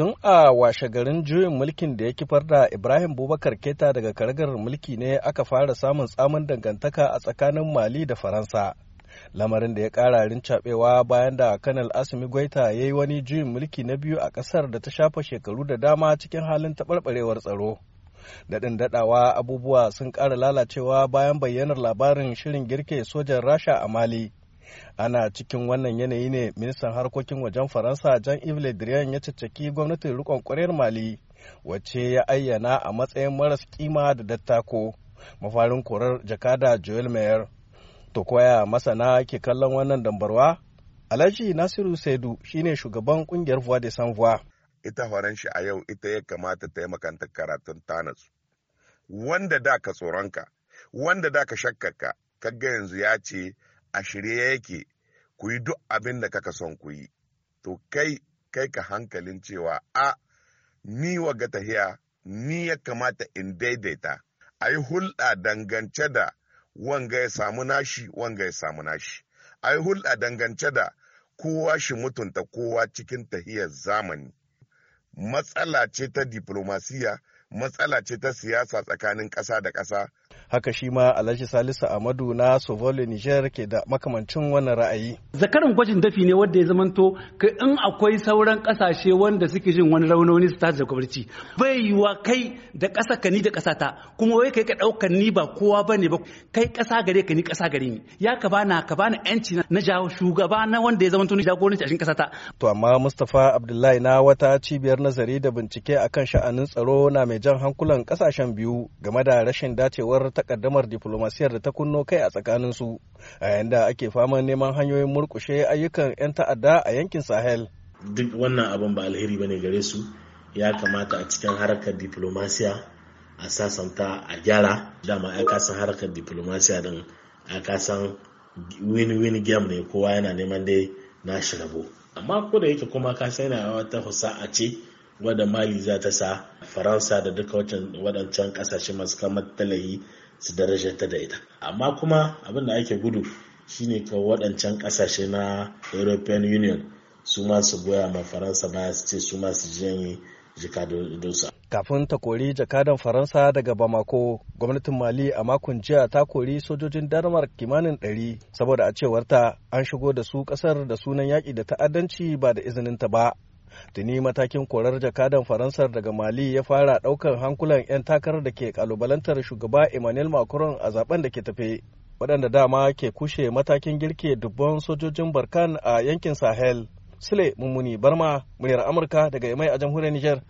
tun a washe garin juyin mulkin da ya kifar da ibrahim bubakar keta daga karagar mulki ne aka fara samun tsamin dangantaka a tsakanin mali da faransa lamarin da ya kara rincaɓewa bayan da kanal asimi gwaita ya yi wani juyin mulki na biyu a ƙasar da ta shafa shekaru da dama cikin halin taɓarɓarewar tsaro daɗin daɗawa abubuwa sun ƙara lalacewa bayan bayyanar labarin shirin girke sojan rasha a mali ana cikin wannan yanayi ne ministan harkokin wajen faransa jean yves le drian ya caccaki gwamnatin rikon kwarar mali wacce ya ayyana a matsayin maras kima da dattako mafarin korar jakada joel mayer to koya masana ke kallon wannan dambarwa alhaji nasiru saidu shine shugaban kungiyar voix de saint ita faranshi a yau ita ya kamata ta yi makanta karatun tanatsu wanda da ka tsoronka wanda da ka shakkarka kaga yanzu ya ce a shirye yake ku yi duk abin da kaka son ku yi to kai kai ka hankalin cewa a ni wa ga tahiya ni ya kamata in daidaita a yi hulɗa dangance da wanga ya samu nashi wanga ya samu nashi a yi hulɗa dangance da kowa shi mutunta kowa cikin tahiyar zamani matsala ce ta diplomasiya matsala ce ta siyasa tsakanin ƙasa da ƙasa haka shi ma alhaji salisu amadu na sovole niger ke da makamancin wannan ra'ayi Zakarin gwajin dafi ne wanda ya zamanto ka in akwai sauran kasashe wanda suke jin wani raunoni su tashi da kwabarci bai yiwa kai da ƙasa ka ni da ƙasa ta kuma wai kai ka ɗaukar ni ba kowa ba ne ba kai ƙasa gare ka ni ƙasa gare ni ya ka bana ka bana yanci na jawo shugaba na wanda ya zamanto ni jagoranci a cikin ƙasa ta to amma mustapha abdullahi na wata cibiyar nazari da bincike akan sha'anin tsaro na mai jan hankulan ƙasashen biyu game da rashin dacewar takaddamar diflomasiyar da ta kunno kai a tsakanin su a yayin da ake fama neman hanyoyin murkushe ayyukan 'yan ta'adda a yankin sahel duk wannan abin ba alheri bane gare su ya kamata a cikin harkar diplomasiya a sasanta a gyara dama ya kasan harkar diplomasiya din ya kasan win-win game ne kowa yana neman dai na shi rabo amma ko da yake kuma ka san yana wata husa a ce wadda mali za ta sa faransa da duka wadancan kasashe masu kamar talahi su darajanta da ita amma kuma abin da ake gudu shine ka waɗancan ƙasashe na european union su masu su goya ma faransa baya su ce su su janye jikadunsa kafin ta kori jakadan faransa daga bamako gwamnatin mali a makon jiya ta kori sojojin denmark kimanin 100 saboda a cewarta an shigo da su kasar da sunan yaƙi da ta'addanci ba da izininta ba tuni matakin korar jakadan faransar daga mali ya fara daukan hankulan 'yan takarar da ke kalubalantar shugaba emmanuel macron a zaben da ke tafe waɗanda dama ke kushe matakin girke dubban sojojin barkan a yankin sahel sule mummuni barma muryar amurka daga yamai a jamhuriyar niger